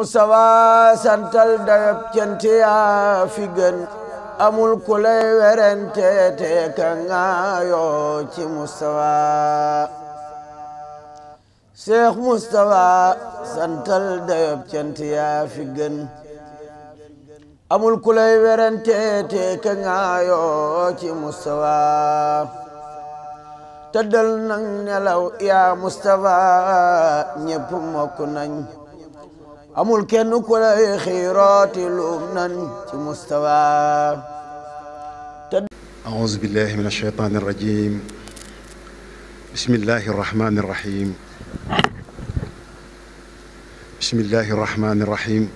Mustafa santal dayab cant yaa fi gën amul ku lay werante te ka ngaayoo ci Mustafa Mustafa santal dayab nang nelaw yaa Mustafa ñépp mokk nañ امول kenn ku خيرات xiirooti في مستوى أعوذ بالله من الشيطان الرجيم بسم الله الرحمن الرحيم بسم الله الرحمن الرحيم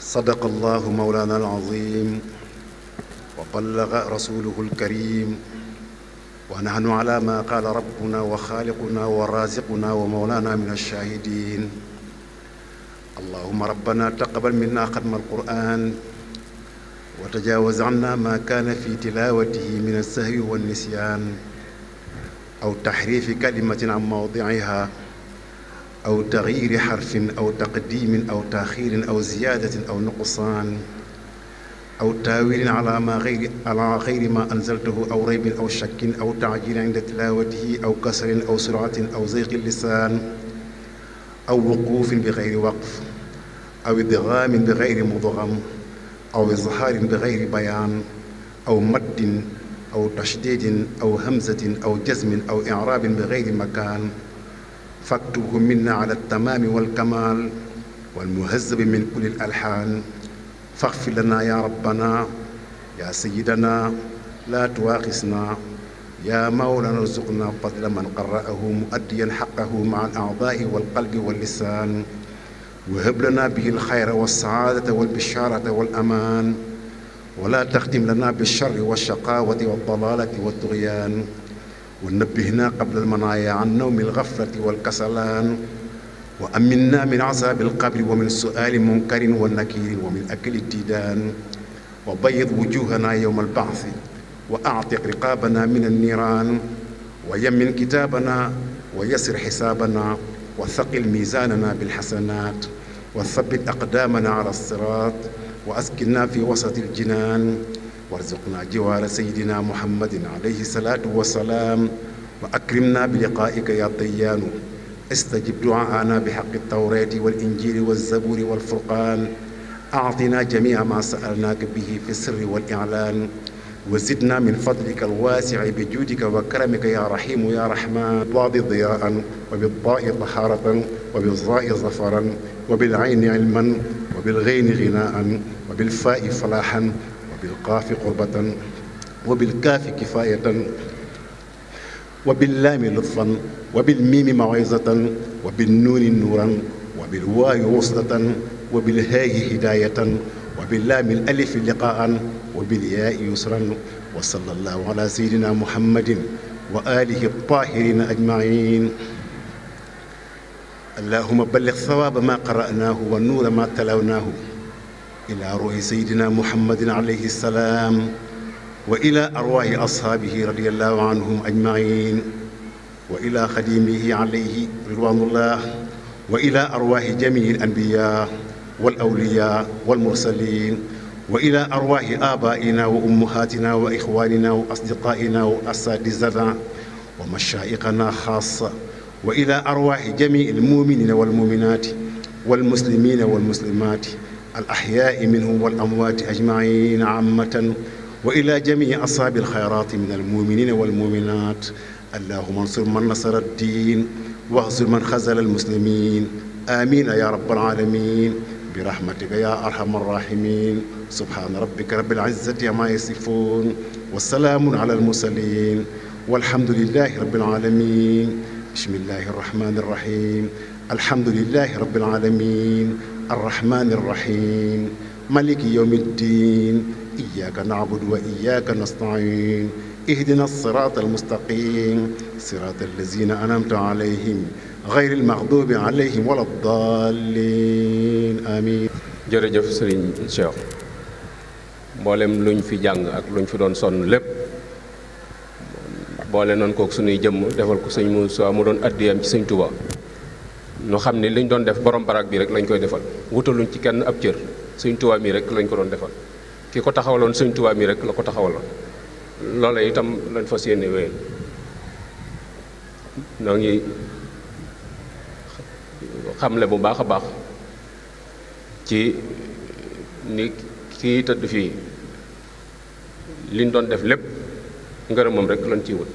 صدق الله مولانا العظيم وبلغ رسوله الكريم ونحن على ما قال ربنا وخالقنا ورازقنا ومولانا من الشاهدين اللهم ربنا تقبل منا ختم القرآن وتجاوز عنا ما كان في تلاوته من السهو والنسيان أو تحريف كلمة عن موضعها أو تغيير حرف أو تقديم أو تأخير أو زيادة أو نقصان أو تاويل على ما غير على غير ما أنزلته أو ريب أو شك أو تعجيل عند تلاوته أو كسر أو سرعة أو زيغ اللسان أو وقوف بغير وقف أو ادغام بغير مضغم أو إظهار بغير بيان أو مد أو تشديد أو همزة أو جزم أو إعراب بغير مكان فاكتبه منا على التمام والكمال والمهذب من كل الألحان فاغفر لنا يا ربنا يا سيدنا لا تواخسنا يا مولانا ارزقنا فضل من قرأه مؤديا حقه مع الأعضاء والقلب واللسان وهب لنا به الخير والسعادة والبشارة والأمان ولا تختم لنا بالشر والشقاوة والضلالة والطغيان ونبهنا قبل المنايا عن نوم الغفلة والكسلان وأمنا من عذاب القبر ومن سؤال منكر ونكير ومن أكل الديدان وبيض وجوهنا يوم البعث وأعتق رقابنا من النيران ويمن كتابنا ويسر حسابنا وثقل ميزاننا بالحسنات وثبت أقدامنا على الصراط وأسكننا في وسط الجنان وارزقنا جوار سيدنا محمد عليه الصلاة والسلام وأكرمنا بلقائك يا طيان استجب دعاءنا بحق التوراة والإنجيل والزبور والفرقان أعطنا جميع ما سألناك به في السر والإعلان وزدنا من فضلك الواسع بجودك وكرمك يا رحيم يا رحمن بالضاد ضياء وبالضاء طهارة وبالظاء ظفرا وبالعين علما وبالغين غناء وبالفاء فلاحا وبالقاف قربة وبالكاف كفاية وباللام لطفا وبالميم موعظة وبالنون نورا وبالواو وصلة وبالهاء هداية وباللام الألف لقاء وبالياء يسرا وصلى الله على سيدنا محمد وآله الطاهرين أجمعين اللهم بلغ ثواب ما قرأناه ونور ما تلوناه إلى روح سيدنا محمد عليه السلام وإلى أرواح أصحابه رضي الله عنهم أجمعين وإلى خديمه عليه رضوان الله وإلى أرواح جميع الأنبياء والأولياء والمرسلين وإلى أرواح آبائنا وأمهاتنا وإخواننا وأصدقائنا وأساتذتنا ومشائقنا خاصة وإلى أرواح جميع المؤمنين والمؤمنات والمسلمين والمسلمات الأحياء منهم والأموات أجمعين عامة وإلى جميع أصحاب الخيرات من المؤمنين والمؤمنات اللهم انصر من نصر الدين واغزل من خزل المسلمين آمين يا رب العالمين برحمتك يا أرحم الراحمين سبحان ربك رب العزة عما يصفون والسلام على المرسلين والحمد لله رب العالمين بسم الله الرحمن الرحيم الحمد لله رب العالمين الرحمن الرحيم ملك يوم الدين إياك نعبد وإياك نستعين اهدنا الصراط المستقيم صراط الذين أنمت عليهم غير المغضوب عليهم ولا الضالين آمين جرجف سرين شيخ مولم لون في جان اك في دون سون لب بولن نون كوك سوني جيم ديفال كو موسى مو دون ادي ام نو خامني لين دون ديف بروم باراك بي رك لا نكوي ديفال ووتو لون سي كين اب تير سيني توبا دون ديفال ki ko taxawaloon sëñ Tuubaa mi rek la ko taxawaloon loola itam lañ fas yéene wéyal noo ngi xamle bu baax a baax ci ni kii tëdd fii liñ doon def lépp ngërëmam rek lañ ciy wut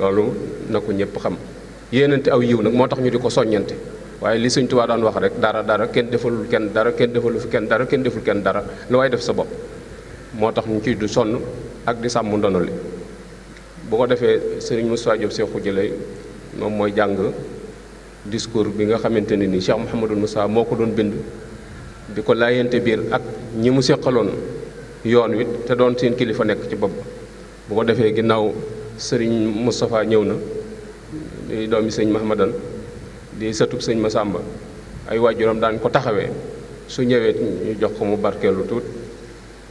loolu na ko ñëpp xam yéenante aw yiw nag moo tax ñu di ko soññante waaye li sëñtuwaa Tuubaa daan wax rek dara dara kenn defalul kenn dara kenn defalu fi kenn dara kenn deful kenn dara lu waay def sa bopp moo tax ñu ciy du sonn ak di sàmm ndono li bu ko defee sëriñ Moustapha Diop Seex Xujja Lay moom mooy jàng discours bi nga xamante ne nii Cheikh Mouhamadul Moustapha moo ko doon bind di ko laayante biir ak ñi mu seqaloon yoon wi te doon seen kilifa nekk ci bopp bu defee ginnaaw sëriñ Moustapha ñëw na di doomi sëñ Mahamadan di satub sëñ Masamba ay wajuram daan ko taxawé su ñëwé ñu jox ko mu barkelu tut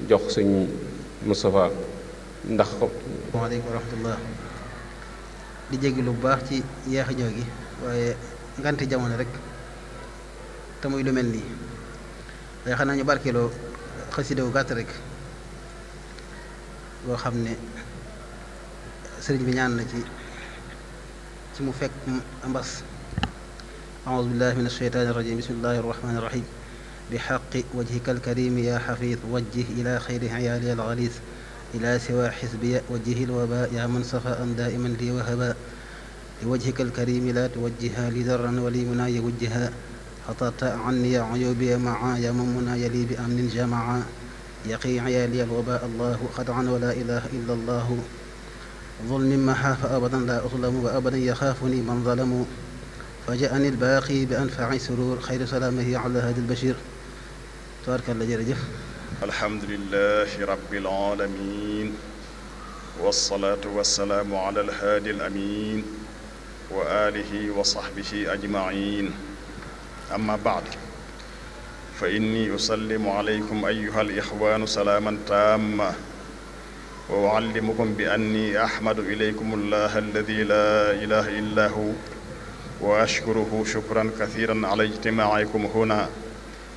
jox sen mustafa ndax ko alaykum rahmatullah di jéggi lu baax ci yeex joggi wayé nganti jamono rek te muy lu melni nii xana ñu barkelo xasida wu gàtt rek boo xamné ne bi ñaan na ci ci mu fekk ambass أعوذ بالله من الشيطان الرجيم بسم الله الرحمن الرحيم بحق وجهك الكريم يا حفيظ وجه إلى خير عيالي الغليظ إلى سوى حزبي وجه الوباء يا من صفى أن دائما لي وهباء لوجهك الكريم لا توجها لي ذرا ولي مناي وجها خطرت عني عيوبي معا يا من مناي لي بأمن جمعا يقي عيالي الوباء الله خدعا ولا إله إلا الله ظلم محا فأبدا لا أظلم وأبدا يخافني من ظلموا وجاءني الباقي بأنفع سرور خير سلامه على هذا البشير تبارك الله جل جلاله الحمد لله رب العالمين والصلاة والسلام على الهادي الأمين وآله وصحبه أجمعين أما بعد فإني أسلم عليكم أيها الإخوان سلاما تاما وأعلمكم بأني أحمد إليكم الله الذي لا إله إلا هو وأشكره شكرا كثيرا على اجتماعكم هنا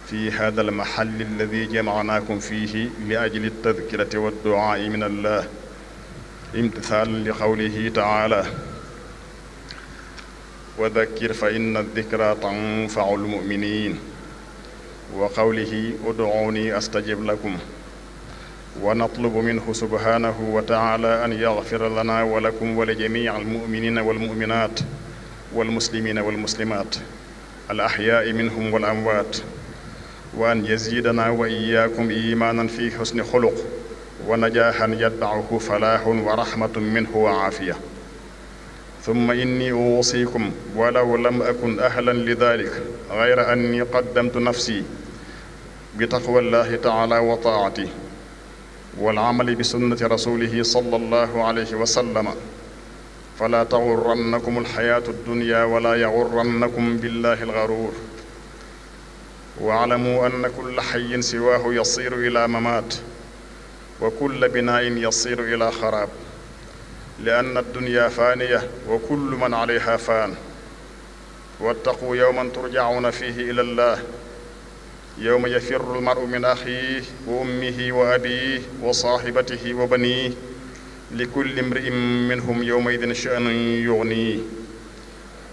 في هذا المحل الذي جمعناكم فيه لأجل التذكرة والدعاء من الله امتثالا لقوله تعالى وذكر فإن الذكرى تنفع المؤمنين وقوله ادعوني أستجب لكم ونطلب منه سبحانه وتعالى أن يغفر لنا ولكم ولجميع المؤمنين والمؤمنات والمسلمين والمسلمات الأحياء منهم والأموات وأن يزيدنا وإياكم إيمانا في حسن خلق ونجاحا يتبعه فلاح ورحمة منه وعافية ثم إني أوصيكم ولو لم أكن أهلا لذلك غير أني قدمت نفسي بتقوى الله تعالى وطاعته والعمل بسنة رسوله صلى الله عليه وسلم فلا تغرنكم الحياة الدنيا ولا يغرنكم بالله الغرور واعلموا أن كل حي سواه يصير إلى ممات وكل بناء يصير إلى خراب لأن الدنيا فانية وكل من عليها فان واتقوا يوما ترجعون فيه إلى الله يوم يفر المرء من أخيه وأمه وأبيه وصاحبته وبنيه لكل امرئ منهم يومئذ شأن يغنيه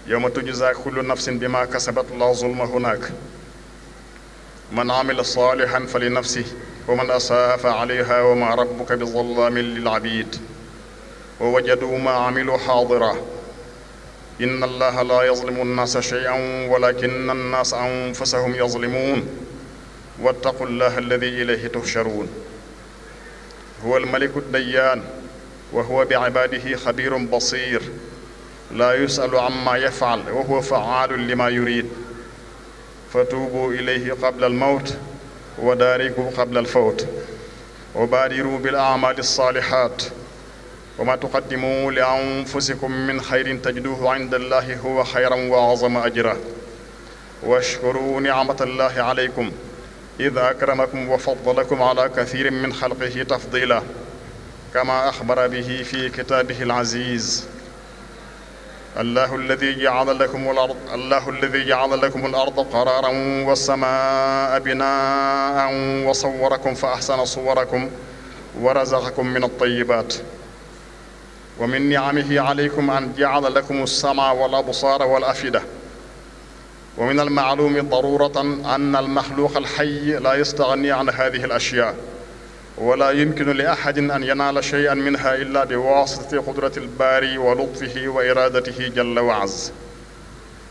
يوم تجزى كل نفس بما كسبت لا ظلم هناك من عمل صالحا فلنفسه ومن أساء فعليها وما ربك بظلام للعبيد ووجدوا ما عملوا حاضرا إن الله لا يظلم الناس شيئا ولكن الناس أنفسهم يظلمون واتقوا الله الذي إليه تهشرون هو الملك الديان وهو بعباده خبير بصير لا يسأل عما يفعل وهو فعال لما يريد فتوبوا إليه قبل الموت وداركوا قبل الفوت وبادروا بالأعمال الصالحات وما تقدموا لأنفسكم من خير تجدوه عند الله هو خيرا وأعظم أجرا واشكروا نعمة الله عليكم إذ أكرمكم وفضلكم على كثير من خلقه تفضيلاً كما أخبر به في كتابه العزيز الله الذي جعل لكم الأرض الله الذي جعل لكم الأرض قرارا والسماء بناء وصوركم فأحسن صوركم ورزقكم من الطيبات ومن نعمه عليكم أن جعل لكم السمع والأبصار والأفئدة ومن المعلوم ضرورة أن المخلوق الحي لا يستغني عن هذه الأشياء ولا يمكن لأحد أن ينال شيئا منها إلا بواسطة قدرة الباري ولطفه وإرادته جل وعز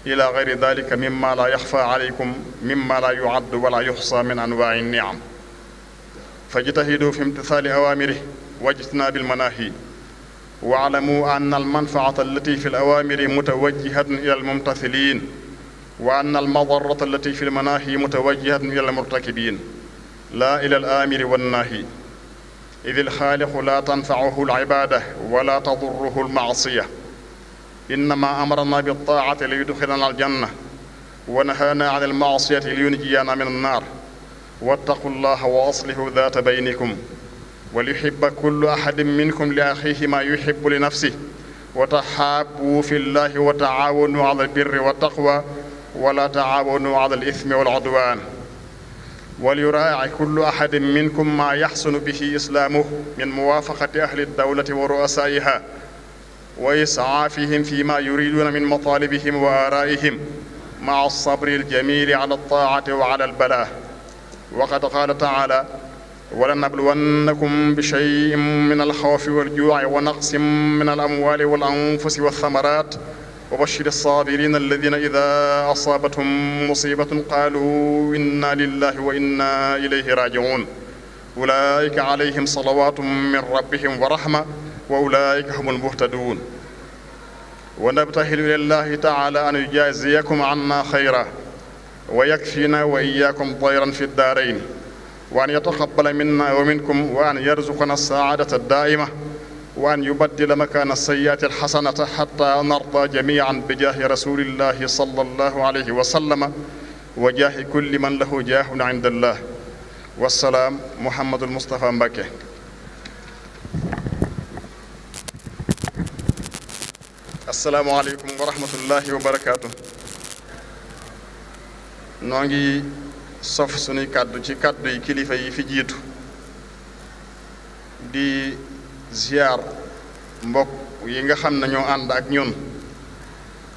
إلى غير ذلك مما لا يخفى عليكم مما لا يعد ولا يحصى من أنواع النعم فاجتهدوا في امتثال أوامره واجتناب المناهي واعلموا أن المنفعة التي في الأوامر متوجهة إلى الممتثلين وأن المضرة التي في المناهي متوجهة إلى المرتكبين لا إلى الآمر والناهي إذ الخالق لا تنفعه العبادة ولا تضره المعصية إنما أمرنا بالطاعة ليدخلنا الجنة ونهانا عن المعصية لينجينا من النار واتقوا الله وأصلحوا ذات بينكم وليحب كل أحد منكم لأخيه ما يحب لنفسه وتحابوا في الله وتعاونوا على البر والتقوى ولا تعاونوا على الإثم والعدوان وليراعي كل أحد منكم ما يحسن به إسلامه من موافقة أهل الدولة ورؤسائها وإسعافهم فيما يريدون من مطالبهم وآرائهم مع الصبر الجميل على الطاعة وعلى البلاء وقد قال تعالى ولنبلونكم بشيء من الخوف والجوع ونقص من الأموال والأنفس والثمرات وبشر الصابرين الذين إذا أصابتهم مصيبة قالوا إنا لله وإنا إليه راجعون أولئك عليهم صلوات من ربهم ورحمة وأولئك هم المهتدون ونبتهل إلى الله تعالى أن يجازيكم عنا خيرا ويكفينا وإياكم ضيرا في الدارين وأن يتقبل منا ومنكم وأن يرزقنا السعادة الدائمة وأن يبدل مكان السيئات الحسنة حتى نرضى جميعا بجاه رسول الله صلى الله عليه وسلم وجاه كل من له جاه عند الله والسلام محمد المصطفى مبكي السلام عليكم ورحمة الله وبركاته نوغي صف سني كادو ci كادو yi في جيتو ziar mbokk yi nga xam ne ñoo ànd ak ñun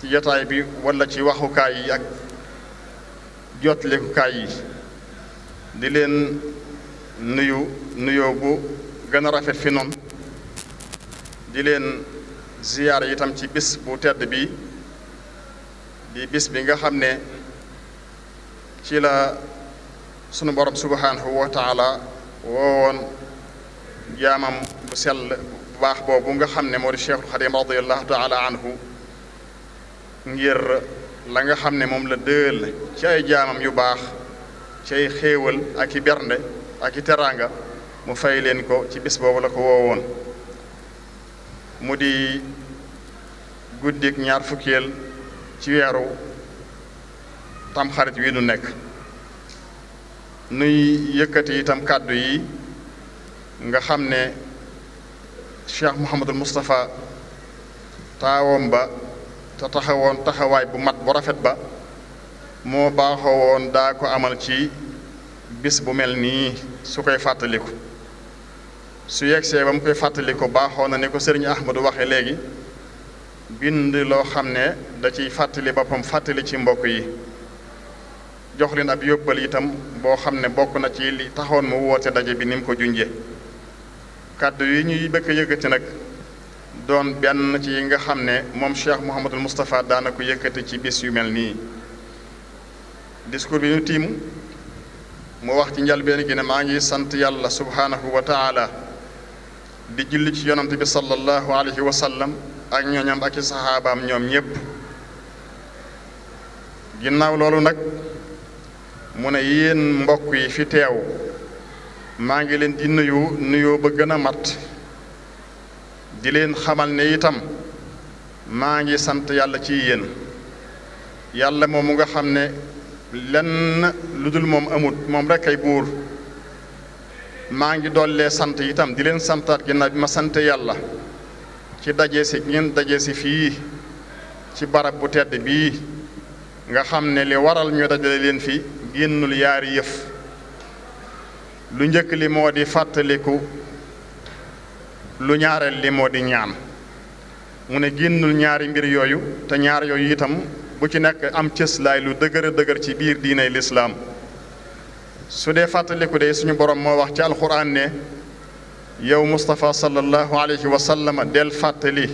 ci jotaay bi wala ci waxukaay yi ak jotlikukaay yi di leen nuyu nuyoo bu gën a rafet fi noonu di leen ziyaar itam ci bis bu tedd bi di bis bi nga xam ne ci la sunu borom subhanahu wa taala woowoon jaamam bu sell bu baax boobu nga xam ne moo di Cheikhul Xadim radiyallahu taala anhu ngir la nga xam ne moom la dëël ci ay jaamam yu baax ci ay xéewal ak bernde ak i mu fay leen ko ci bis boobu la ko woowoon mu guddik ñaar fukkeel ci weeru tamxarit wi nu nekk nuy yëkkati itam kàddu yi nga xam cheikh Mouhamadul mustafa taawoon ba te taxawoon taxawaay bu mat bu rafet ba moo baaxoo woon daa ko amal ci bis bu mel nii su koy fàttaliku su yegsee ba mu koy fàttaliku baaxoo na ni ko sëriñ Ahmadou waxee léegi bind loo xam ne da ciy fàttali boppam fàttali ci mbokk yi jox leen ab yóbbal itam boo xam ne bokk na ci li taxoon mu woote ndaje bi ni mu ko junjee. kàddu yi ñuy bëgg a nag doon benn ci yi nga xam ne moom Cheikh Mouhamadul Moustapha daana ko ci bis yu mel nii discours bi ñu tiim mu wax ci njalbeen gi ne maa ngi sant yàlla subhaanahu wa taala di julli ci yonante bi sallallahu alayhi wa sallam ak ñooñam ak i saxaabaam ñoom ñépp ginnaaw loolu nag mu ne yéen mbokk yi fi teew maa ngi leen di nuyu nuyoo ba gën a mat di leen xamal ne itam maa ngi sant yàlla ci yéen yàlla moom mu nga xam ne lenn lu dul moom amut moom rek ay buur maa ngi dollee sant itam di leen santaat ginnaaw bi ma sant yàlla ci daje si ngeen daje si fii ci barab bu tedd bii nga xam ne li waral ñu dajale leen fii génnul yaari yëf lu njëkk li moo di fàttaliku lu ñaareel li moo di ñaan mu ne génnul ñaari mbir yooyu te ñaar yooyu itam bu ci nekk am cëslaay lu dëgër a dëgër ci biir diinay lislaam su dee fàttaliku de suñu borom moo wax ci alxuraan ne yow Moustapha sallallahu alayhi wa sallam del fàttali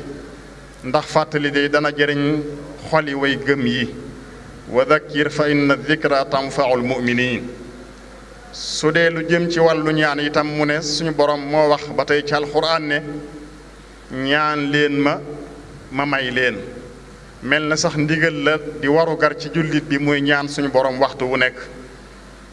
ndax fàttali de dana jëriñ xoli way gëm yi wa dakkir fa inna dikra tanfaul muminin su dee lu jëm ci wàllu ñaan itam mu ne suñu boroom moo wax ba tey ci alxuraan ne ñaan leen ma ma may leen mel na sax ndigal la di warugar ci jullit bi muy ñaan suñu boroom waxtu wu nekk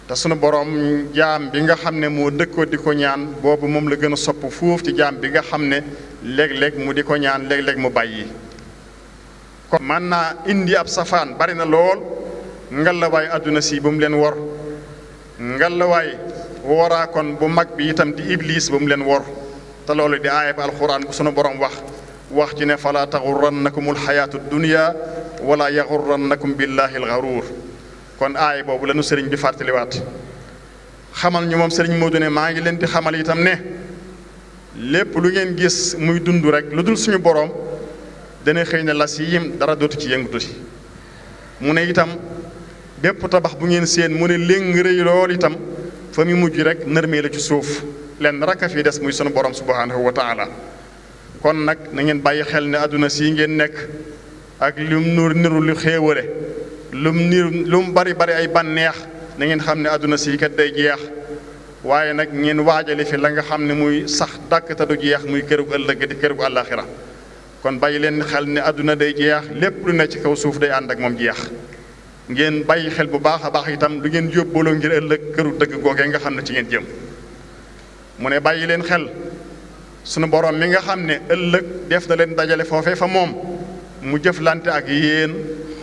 te suñu boroom jaam bi nga xam ne moo dëkkoo di ko ñaan boobu moom la gën a sopp fuuf ci jaam bi nga xam ne léeg-léeg mu di ko ñaan léeg-léeg mu bàyyi kon mën naa indi ab safaan bari na lool ngalla waay àdduna si bu mu leen wor ngalla way wora kon bu mag bi itam di iblis bu mlen wor ta lolou di ayat alquran alxuraan bu sunu borom wax wax ci ne fala taxurrannakum alxayaatu dunia wala yaghurrannakum billahi alxaruur kon ay bobu lanu sëriñ bi wat xamal ñu mom sëriñ Moodu ne ma ngi leen di xamal itam ne lépp lu ngeen gis muy dundu rek lu dul suñu borom dene xeyna lasiyim dara dotu ci yengutu ci mune itam bépp tabax bu ngeen seen mu ne léng rëy lool itam fa mu mujj rek nërmee la ci suuf leen rakk a fi des muy sunu borom subhanahu wa taala kon nag na ngeen bàyyi xel ne àdduna sii ngeen nekk ak lum nur niru lu xéewale lum lu mu bari bari ay bànneex na ngeen xam ne àdduna sii kat day jeex waaye nag ngeen waajale fi la nga xam ne muy sax dàkk te du jeex muy këru ëllëg di këru àllaaxira kon bàyyi leen xel ne àdduna day jeex lépp lu ne ci kaw suuf day ànd ak moom jeex ngeen bàyyi xel bu baax a baax itam du ngeen yóbbaloo ngir ëllëg këru dëgg googee nga xam ne ci ngeen jëm mu ne bàyyi leen xel sunu borom mi nga xam ne ëllëg def na leen dajale foofee fa moom mu jëf lante ak yéen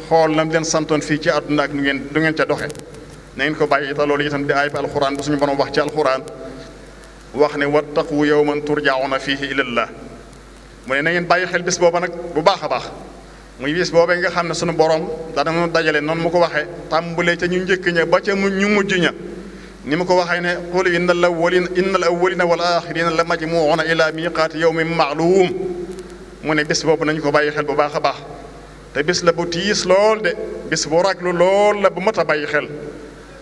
xool na leen santoon fii ci àdduna ak nu ngeen du ngeen ca doxe na ngeen ko bàyyi te yi itam di ayib alxuraan bu suñu borom wax ci alxuraan wax ne wattaqu yawman turjauna fihi ilallah mu ne na ngeen bàyyi xel bis booba nag bu baax a baax. muy bis boobee nga xam ne sunu borom dana mu dajale noonu mu ko waxee tàmbulee ca ñu njëkk ña ba ca mu ñu mujj ña ni mu ko waxee ne qul inna al awwalina inna al awwalina wal axirina la majmuuna ila miqati yawmin ma'lum mu ne bis boobu nañu ko bàyyi xel bu baax a baax te bis la bu tiis lool de bis bu raglu lool la bu mat a bàyyi xel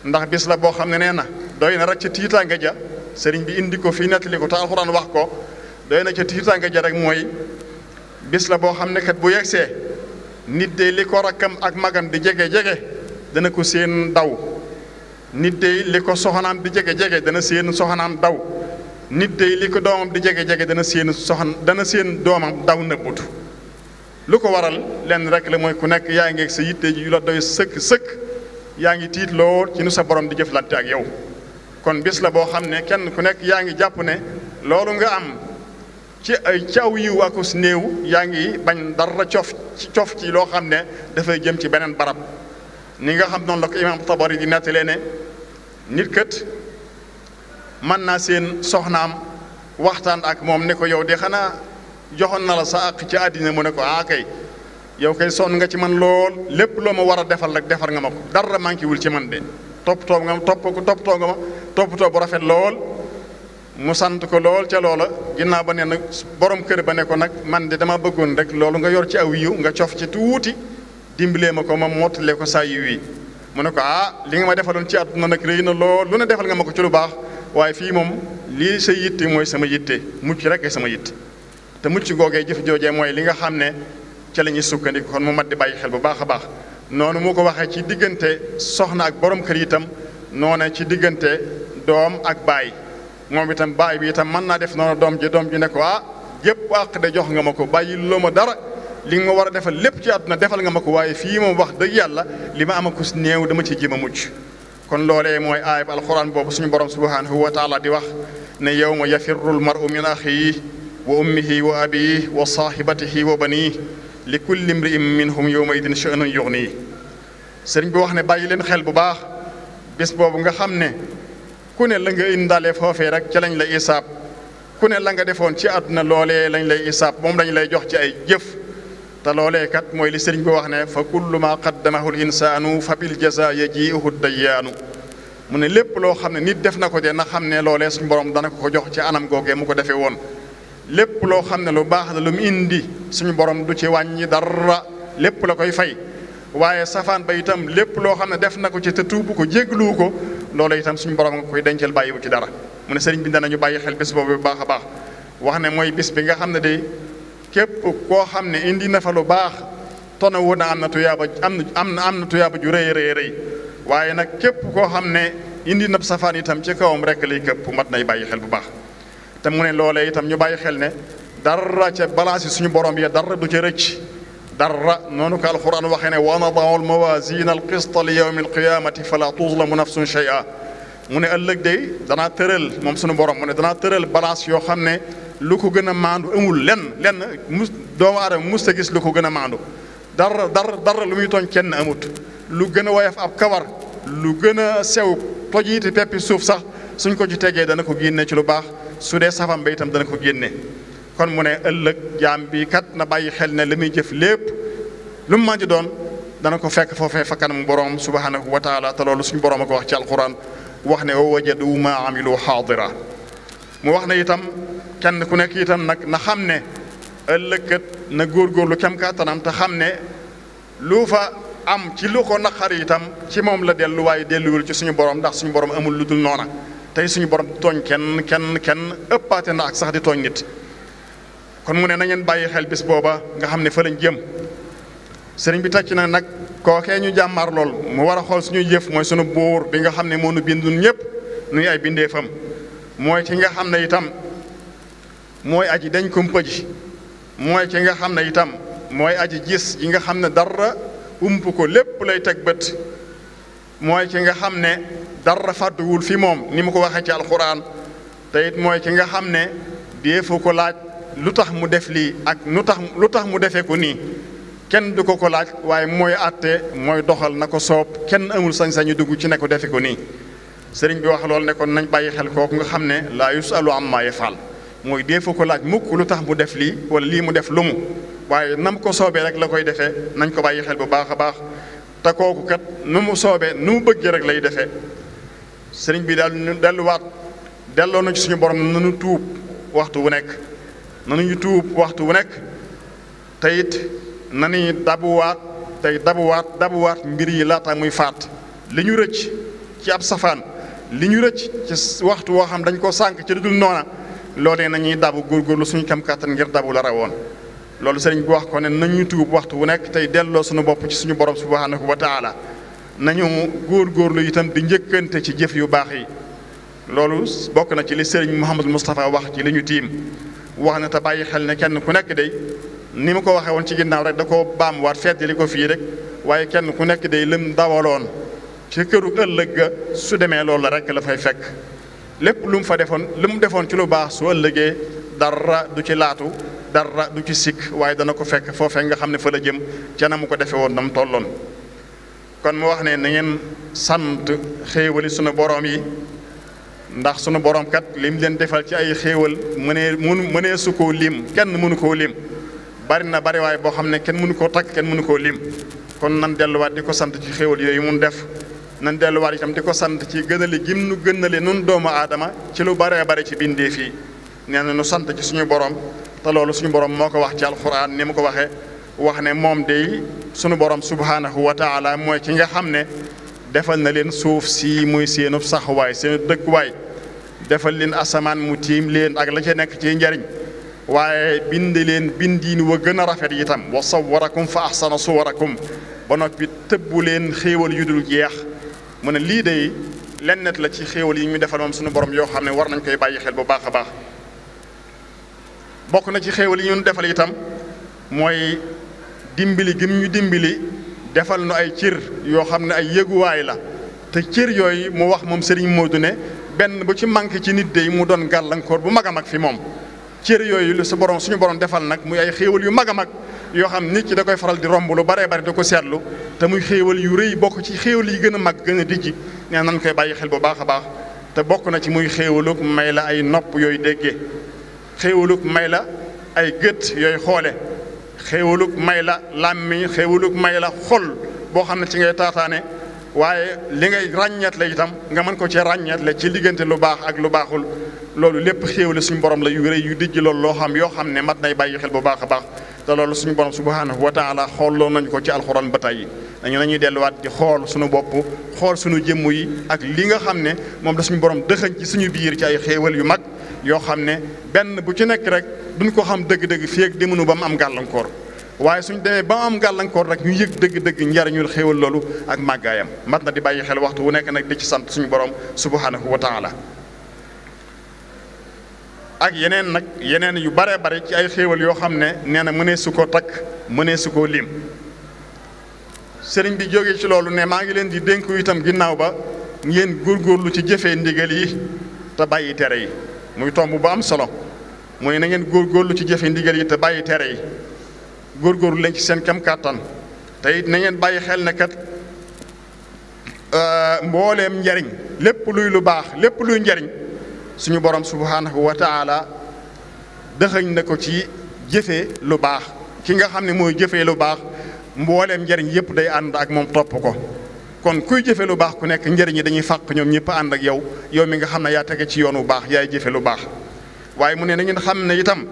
ndax bis la boo xam ne nee na doy na rek ci tiitaanga ja sëriñ bi indi ko fii nettali ko te alxuraan wax ko doy na ca tiitaanga ja rek mooy bis la boo xam ne kat bu yegsee nit de li ko rakkam ak magam di jege jege dana ko seen daw nit de li ko soxnaam di jege jege dana seen soxnaam daw nit de li ko doomam di jege jege dana seen soxna dana seen doomam daw nëbbutu lu ko waral lenn rek la mooy ku nekk yaa ngi ak sa yitte yu la doy sëkk sëkk yaa ngi tiit lool ci nu sa borom di jëf jëflante ak yow kon bis la boo xam ne kenn ku nekk yaa ngi jàpp ne loolu nga am. ci ay caw yi waakus néew yaa ngi bañ dara coof coof ci loo xam ne dafay jëm ci beneen barab ni nga xam noonu la ko imaam Tabari di nettalee ne nit kët mën naa seen soxnaam waxtaan ak moom ne ko yow de xanaa joxoon na la sa àq ci àddina mu ne ko ah kay yow kay sonn nga ci man lool lépp loo ma war a defal rek defar nga ma ko dara manqué wul ci man de toppatoo nga ma topp toppatoo toppatoo bu rafet lool. mu sant ko lool ca loola ginnaaw ba ne nag borom kër ba ne ko nag man de dama bëggoon rek loolu nga yor ci aw yiw nga coof ci tuuti dimbalee ma ko ma mottalee ko saa yiw yi mu ne ko ah li nga ma defaloon ci àdduna nag rëy na lool lu ne defal nga ma ko ci lu baax waaye fii moom lii sa yitte mooy sama yitte mucc rek sama yitte te mucc googee jëf joojee mooy li nga xam ne ca la ñuy sukkandiku kon mu mat di bàyyi xel bu baax a baax noonu moo ko waxee ci diggante soxna ak borom kër itam noona ci diggante doom ak baay. mom itam baay bi itam man naa def noonu doom ji doom ji ne ko ah yëpp àq de jox nga ma ko bàyyi loo ma dara li nga ma war a defal lépp ci àdduna defal nga ma ko waaye fii moom wax dëgg yàlla li ma am a kus néew dama ci jima mucc kon loolee mooy aayab alxuraan boobu suñu borom subhanahu wa taala di wax ne yawma yafirru al maru min axihi wa ummihi wa abihi wa saahibatihi wa banihi li kulli imri'in minhum yawma idin sha'nun yughnihi sëriñ bi wax ne bàyyi leen xel bu baax bis boobu nga xam ne ku ne la nga indaale foofee rek ca lañ lay isaab ku ne la nga defoon ci àdduna loolee lañ lay isaab moom lañ lay jox ci ay jëf te loolee kat mooy li sëriñ bi wax ne fa kullu ma qaddamahu l insaanu fa bil jaza yajiihu dayyaanu mu ne lépp loo xam ne nit def na ko de na xam ne loolee suñ borom dana ko ko jox ci anam googee mu ko defee woon lépp loo xam ne lu baax la lu mu indi suñu borom du ci wàññi dara lépp la koy fay waaye safaan ba itam lépp loo xam ne def na ko ci te bu ko jégluwu ko loolu itam suñu borom nga koy dencal bàyyi bu ci dara mu ne sëriñ bi danañu bàyyi xel bis bu baax a baax wax ne mooy bis bi nga xam ne de képp koo xam ne indi na fa lu baax tone woon na am na tuyaaba am am na am na tuyaaba ju rëy rëy rëy waaye nag képp koo xam ne indi na safaan itam ci kawam rek lay képp mat nay bàyyi xel bu baax te mu ne loolee itam ñu bàyyi xel ne dara ca balance yi suñu borom ya dara du ca rëcc. در ننك القرآن وحين ونضع الموازين القسط ليوم القيامة فلا تظلم نفس شيئا من ألق دي دنا ترل ممسن بورم من دنا ترل بلاس يوخن لكو جنا ماندو أمول لن لن دوار مستقس لكو جنا ماندو در در در لميتون كن أموت لجنا ويف أب كبر لجنا سو تجيت بيبي سوف سا سنكو جتاجي دنا كوجين نشلو بع سودة سافم بيتام دنا كوجين نه kon mu ne ëllëg jaam bi kat na bàyyi xel ne li muy jëf lépp lu mu ci doon dana ko fekk foofee fa kanam borom subhanahu wa taala te loolu suñu borom ak wax ci alquran wax ne wa wajadu ma amilu xaadira mu wax ne itam kenn ku nekk itam nag na xam ne ëllëg kat na góorgóorlu kem kàttanam te xam ne lu fa am ci lu ko naqar itam ci moom la dellu waaye delluwul ci suñu borom ndax suñu borom amul lu dul noona tey suñu borom tooñ kenn kenn kenn ëppaate na ak sax di tooñ nit kon mu ne na bàyyi xel bis booba nga xam ne fa lañ jëm sëriñ bi tàcc na nag kookee ñu jàmmaar lool mu war a xool suñuy jëf mooy suñu buur bi nga xam ne moo nu bindu ñëpp nuy ay bindeefam mooy ki nga xam ne itam mooy aji dañ kumpa ji mooy ki nga xam ne itam mooy aji gis yi nga xam ne dara ump ko lépp lay teg bët mooy ki nga xam ne dara fàdduwul fi moom ni mu ko waxee ci alxuraan te it mooy ki nga xam ne deefu ko laaj lu tax mu def lii ak lu tax lu tax mu defee ko nii kenn du ko ko laaj waaye mooy àtte mooy doxal na ko soob kenn amul sañ-sañu dugg ci ne ko defe ko nii sëriñ bi wax loolu ne kon nañ bàyyi xel kooku nga xam ne laa am amma yafaal mooy dee fa ko laaj mukk lu tax mu def lii wala lii mu def lu mu waaye nam ko soobee rek la koy defee nañ ko bàyyi xel bu baax a baax te kooku kat nu mu soobee nu mu bëggee rek lay defee sëriñ bi daal ñu delluwaat delloo na ci suñu borom nanu tuub waxtu wu nekk nanuñu tuub waxtu wu nekk te it nanuy dabuwaat tey dabuwaat dabuwaat mbir yi laata muy faat li ñu rëcc ci ab safaan li ñu rëcc ci waxtu woo xam dañ ko sànq ci lu dul noona loolee nañuy dabu góorgóorlu suñu kam kàttan ngir dabu la woon loolu sëriñ bu wax ko ne nañu tuub waxtu wu nekk tey delloo suñu bopp ci suñu borom subhaanahu wa taala nañu lu itam di njëkkante ci jëf yu baax yi loolu bokk na ci li sëriñ Mouhamadul Moustapha wax ci li ñu tiim wax na te bàyyi xel ne kenn ku nekk day ni mu ko waxee woon ci ginnaaw rek da koo baamuwaat feddali ko fii rek waaye kenn ku nekk day lim dawaloon ci këru ëllëg ga su demee loolu la rek la fay fekk lépp lu mu fa defoon lu mu defoon ci lu baax su ëllëgee dara du ci laatu dara du ci sikk waaye dana ko fekk foofee nga xam ne fa la jëm ca na mu ko defee woon nam tolloon kon mu wax ne na ngeen sant xéewali sunu boroom yi ndax sunu borom kat lim leen defal ci ay xéewal mënee mun mënee su koo lim kenn mënu ko lim bari na bari way bo xamne kenn mënu ko tak kenn mënu ko lim kon nan delu wat diko sant ci xéewal yoy mu def nan wat itam diko sant ci gënale gim nu gënale nun doomu adama ci lu baree bare ci binde fi neena nu sant ci suñu borom ta lolu suñu borom moko wax ci alquran nim ko waxe wax ne moom sunu borom subhanahu wa taala moy ci nga xamne defal na len souf si moy sax way saxuwaay dekk way defal len asaman mu tim len ak la ci nek ci njariñ waye bind len bindin wa gëna a rafet itam wa sawwarakum fa ahsana suwarakum ba nopi tëbbu len xewal yu dul jeex mu ne lii day lennet la ci xewal yi ñu defal mom suñu borom yo xamne war nañ koy bàyyi xel bu baaxa baax bokku na ci xewal yi ñu defal itam moy dimbali gi ñu dimbali defal nu ay cër yoo xam ne ay yëguwaay la te cër yooyu mu wax moom Serigne Modou ne benn bu ci manqué ci nit day mu doon gàllankoor bu mag a mag fi moom. cër yooyu lu sa borom suñu borom defal nag muy ay xéewal yu maga mag yoo xam nit ki da koy faral di romb lu baree bari da ko seetlu te muy xéewal yu rëy bokk ci xéewal yi gën a mag gën a dijji nee nan koy bàyyi xel bu baax a baax te bokk na ci muy xéewaluk may la ay nopp yooyu déggee xéewaluk may la ay gët yooyu xoole xewuluk may la lammi xewuluk may la xol bo xamne ci ngay taataane waye li ngay ragnat la itam nga man ko ci ragnat la ci liggante lu bax ak lu baxul loolu lépp xéewale suñu borom la yu reey yu dijj loolu lo xam yo xamne mat nay bàyyi xel bu baxa bax da te suñu borom subhanahu wa taala xol lo nañ ko ci alquran ba tey yi dañu nañuy delluwaat ci xol suñu bop xol suñu jëm yi ak li nga xamne mom da suñu borom dëxëñ ci suñu biir ci ay xewal yu mag yoo xam ne benn bu ci nekk rek duñ ko xam dëgg-dëgg fii ak demunu ba mu am gàllankoor waaye suñ demee ba mu am gàllankoor rek ñu yëg dëgg-dëgg njariñul xéewal loolu ak màggaayam mat na di bàyyi xel waxtu wu nekk nag di ci sant suñu suba ko subhanahu wa la ak yeneen nag yeneen yu bare bare ci ay xéewal yoo xam ne nee na mënee su ko takk mënee su ko liim sëriñ bi jógee ci loolu ne maa ngi leen di dénku itam ginnaaw ba ngeen góorgóorlu ci jëfee ndigal yi te bàyyi tere yi muy tomb bu am solo mooy na ngeen góorgóorlu ci jëfe ndigal yi te bàyyi tere yi góorgóorlu leen ci seen kam kàttan te it bàyyi xel na kat euh, mbooleem njariñ lépp luy lu baax lépp luy njariñ suñu borom subhaanahu wa taala dëxëñ na ko ci jëfe lu baax ki nga xam ne mooy jëfe lu baax mbooleem njariñ yépp day ànd ak moom topp ko kon kuy jëfe lu baax ku nekk njëriñ yi dañuy fàq ñoom ñëpp ànd ak yow yow mi nga xam ne yaa tege ci yoon wu baax yaay jëfe lu baax waaye mu ne na ngeen xam ne itam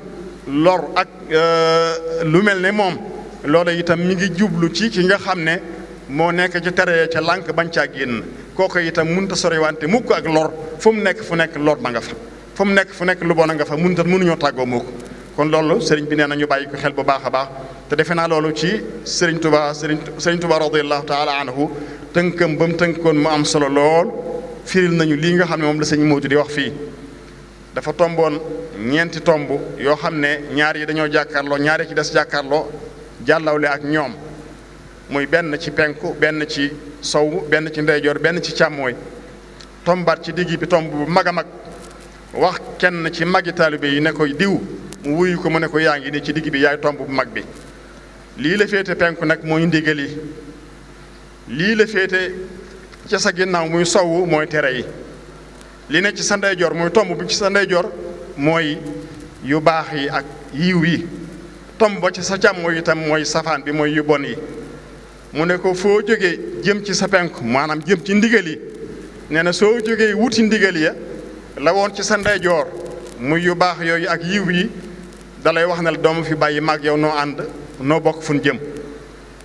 lor ak euh, lu mel ne moom loola itam mi ngi jublu ci ki nga xam ne moo nekk ci tere ca lànk bañ caa génn kooku itam mënut a soriwante mukk ak lor fu mu nekk fu nekk lor ma nga fa fu mu nekk fu nekk lu bon a nga fa mënut a mënuñoo tàggoo mukk kon loolu sëriñ bi nee na ñu bàyyi ko xel bu baax a baax te defe naa loolu ci sëriñ Tuba sëriñ sëriñ Tuba radiyallahu tënkam ba mu tënkoon mu am solo lool firil nañu lii nga xam ne moom la sëñ Moodu di wax fii dafa tomboon ñeenti tomb yoo xam ne ñaar yi dañoo jàkkaarloo ñaar ci des jàkkaarloo jàllawle ak ñoom muy benn ci penku benn ci sow benn ci ndeyjoor benn ci càmmooy tombaat ci digg bi tomb bu mag a mag wax kenn ci magi taalibe yi ne ko diw mu wuyu ko mu ne ko yaa ngi nii ci digg bi yaay tomb bu mag bi lii la féete penku nag mooy ndigal yi lii la féete ci sa ginnaw muy sawu mooy tere yi li ne ci sa ndeyjoor muy tomb bi ci sa ndeyjoor mooy yu baax yi ak yiw yi tomb ba ci sa càmmooñ itam mooy safaan bi mooy yu bon yi mu ne ko foo jógee jëm ci sa penk maanaam jëm ci ndigal yi nee na soo jógee wuti ndigal ya la woon ci sa ndeyjoor muy yu baax yooyu ak yiw yi dalay wax ne la doomu fi bàyyi mag yow noo ànd noo bokk fu jëm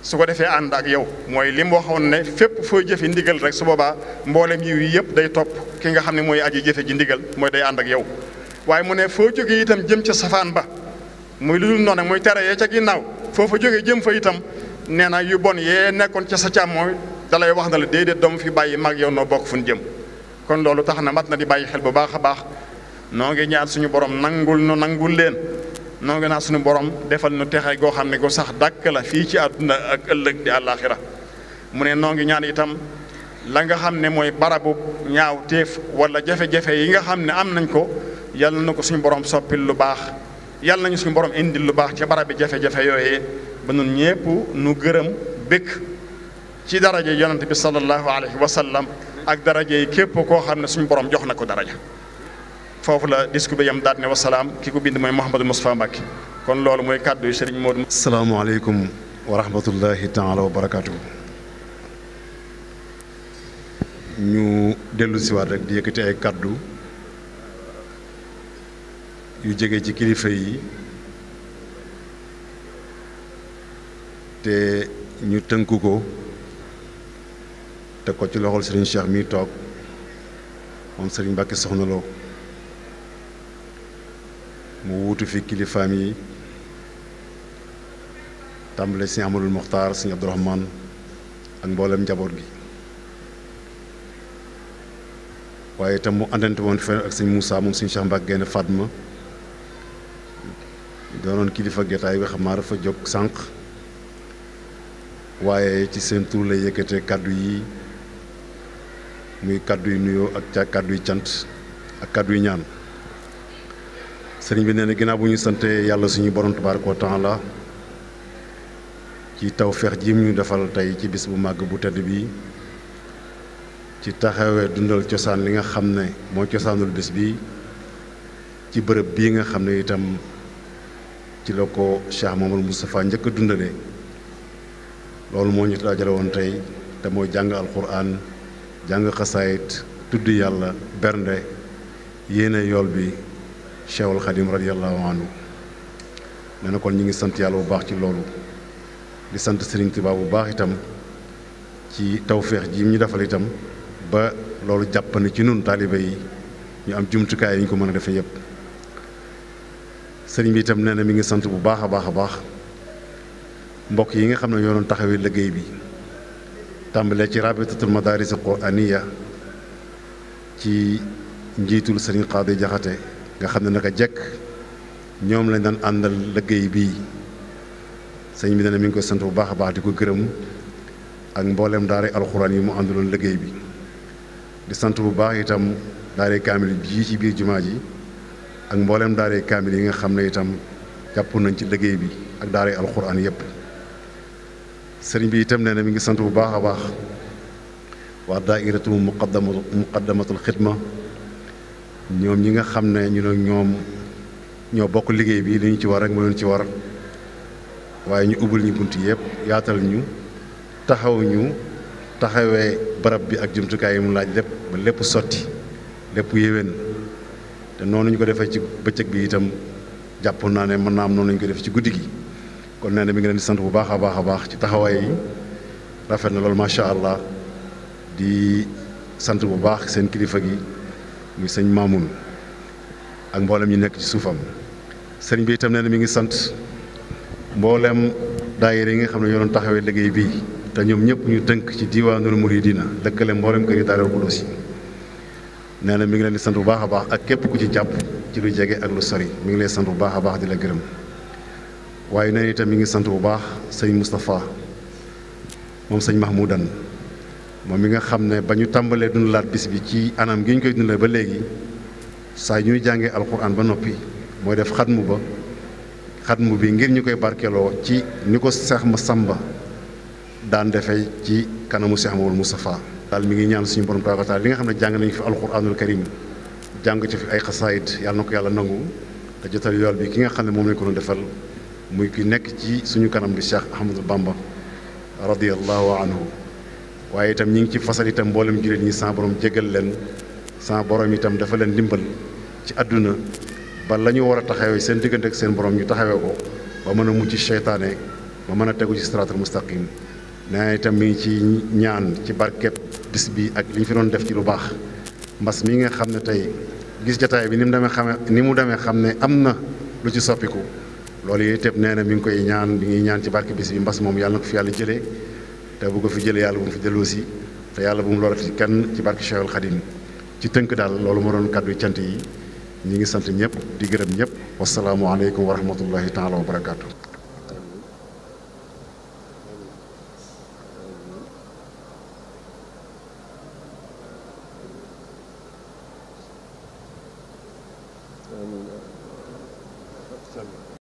su ko defee ànd ak yow mooy li mu waxoon ne fépp fooy jëfe ndigal rek su boobaa mboolem yi yëpp day topp ki nga xam ne mooy aji jëfe ji ndigal mooy day ànd ak yow waaye mu ne foo jógee itam jëm ca safaan ba muy lu dul noonu nag muy tere yee ca ginnaaw foo fa jógee jëm fa itam nee na yu bon yee nekkoon ca sa càmmooñ dalay wax na la déedéet doomu fi bàyyi mag yow noo bokk fu ñu jëm kon loolu tax na mat na di bàyyi xel bu baax a baax noo ngi ñaan suñu borom nangul nu nangul leen nongu naa suñu borom defal nu texe goo xam ne gu sax dàkk la fii ci àdduna ak ëllëg di àllaaxira mu ne nongi ñaan itam la nga xam ne mooy barabu ñaaw téef wala jafe-jafe yi nga xam ne am nañ ko yal na ko suñu borom soppil lu baax yal nañu suñu borom indil lu baax ca barabi jafe-jafe yooyee ba nun ñépp nu gërëm békk ci daraje yonent bi sallallahu alayhi wa sallam ak daraje yi képp koo xam ne suñu borom jox na ko daraja foofu la discours bi yam daat ne wasalaam ki ko bind mooy Mouhamadou Moustapha Mbacké kon loolu mooy kàddu yi sëriñ Modou. salaamaaleykum wa rahmatullahi taala wa barakaatu. ñu dellu siwaat rek di yëkkati ay kàddu yu jege ci kilifa yi te ñu tënku ko teg ko ci loxol sëriñ Cheikh mi toog moom sëriñ Mbacké soxnaloo mu wuutu fi kilifaam yi tàmbale sëñ Amadou Mokhtar sëñ Abdourahmane ak mboolem njaboot gi waaye itam mu àndante woon fen ak sëñ Moussa moom sëñ Cheikh Mbacke Gaynde Fatma doonoon kilifa getaay bi xamaar fa jóg sànq waaye ci seen tur lay yëkkatee kàddu yi muy kàddu yu nuyoo ak ca kàddu cant ak kàddu yu ñaan serigne bi neena na ñu sante yalla suñu borom tabaaraku taala ci tawfiq ji ñu defal tay ci bis bu mag bu tedd bi ci taxawé dundal ciosan li nga xamné mo ciosanul bis bi ci bërepp hamne nga xamné itam ci la ko Cheikh mamour mustapha njëkk dundalé dundale loolu moo ñu dajale won tay té moy jang alquran jang khasaayit tuddu yalla bernde yene yol bi Cheikhul Khadim radiyallahu anhu nee na kon ñu ngi sant yàlla bu baax ci loolu di sant Serigne Touba bu baax itam ci tawféex ji ñu defal itam ba loolu jàppandi ci nun taaliba ñu am jumtukaay yi ko mën a defee yépp sëriñ bi itam nee na mi ngi sant bu baax a baax a baax mbokk yi nga xam ne ñoo doon taxawee liggéey bi tàmbalee ci rabitatul madaris quraniya ci njiitul sëriñ Xaadi Jaxate nga xam ne naka jekk ñoom lañ daan àndal liggéey bii sëñ bi dana mi ngi ko sant bu baax a baax di ko gërëm ak mboolem daari alxuraan yi mu àndaloon liggéey bi di sant bu baax itam daari kaamil bii ci biir jumaa ji ak mboolem daari kaamil yi nga xam ne itam jàpp nañ ci liggéey bi ak daari alxuraan yépp sëriñ bi itam nee na mi ngi sant bu baax a baax waa daairatu muqaddamatul xidma ñoom ñi nga xam ne ñu ne ñoom ñoo bokk liggéey bi li ñu ci war rek mu leen ci war waaye ñu ubbil ñu bunt yëpp yaatal ñu taxaw ñu taxawee barab bi ak jumtukaay yi mu laaj lépp ba lépp sotti lépp yéwén te noonu ñu ko defee ci bëccëg bi itam jàpp naa ne mën naa am noonu ñu ko def ci guddi gi kon nee na mi ngi leen di sant bu baax a baax a baax ci taxawaay yi rafet na loolu macha allah di sant bu baax seen kilifa gi. muy sëñ Mamoun ak mboolem ñu nekk ci suufam sëriñ bi itam nee mi ngi sant mboolem daayira yi nga xam ne ñoo doon taxawee liggéey bii te ñoom ñëpp ñu tënk ci diwaanul muridina lëkkale mboolem kër yi daayira Xudoos nee na mi ngi leen di sant bu baax a baax ak képp ku ci jàpp ci lu jege ak lu sori mi ngi lay sant bu baax a baax di la gërëm waaye nee na itam mi ngi sant bu baax sëñ Moustapha moom sëñ Mahmoudan moom mi nga xam ne ba ñu tàmbalee dundalaat bis bi ci anam gi ñu koy dundale ba léegi saa ñuy jàngee alquran ba noppi mooy def xatmu ba xatmu bi ngir ñu koy barkeloo ci ni ko Seex Masamba daan defee ci kanamu Seex Mamadu Mustafaa daal mi ngi ñaan suñu borom tabaaraka taala li nga xam jàng nañu fi alquranul karim jàng ci fi ay xasaayid yàlla na yàlla nangu te jotal yool bi ki nga xam ne moom lañ ko doon defal muy ki nekk ci suñu kanam di Cheikh Ahmadou Bamba radiyallahu anhu waaye itam ñi ngi ci fasal itam mboolem jullit ñi sans borom jégal leen sans borom itam dafa leen dimbal ci àdduna ba la ñu war a taxawee seen diggante ak seen borom ñu taxawee ko ba mën a mucc seytaane ba mën a tegu ci siraatal mustaqim nee itam mi ngi ci ñaan ci barkeb bis bi ak li ñu fi doon def ci lu baax mbas mi nga xam ne tey gis jataay bi ni mu demee xame ni mu demee xam ne am na lu ci soppiku loolu yooyu itam nee na mi ngi koy ñaan bi ngi ñaan ci barke bis bi mbas moom yàlla ko fi yàlla jëlee te bu ko fi jëlee yàlla bu mu fi jël aussi te yàlla bu mu lorati kenn ci barke Cheikhul Khadim ci tënk daal loolu ma doon kàddu cant yi ñu ngi sant ñëpp di gërëm ñëpp wasalaamualeykum wa rahmatullahi taala wa barakaatu.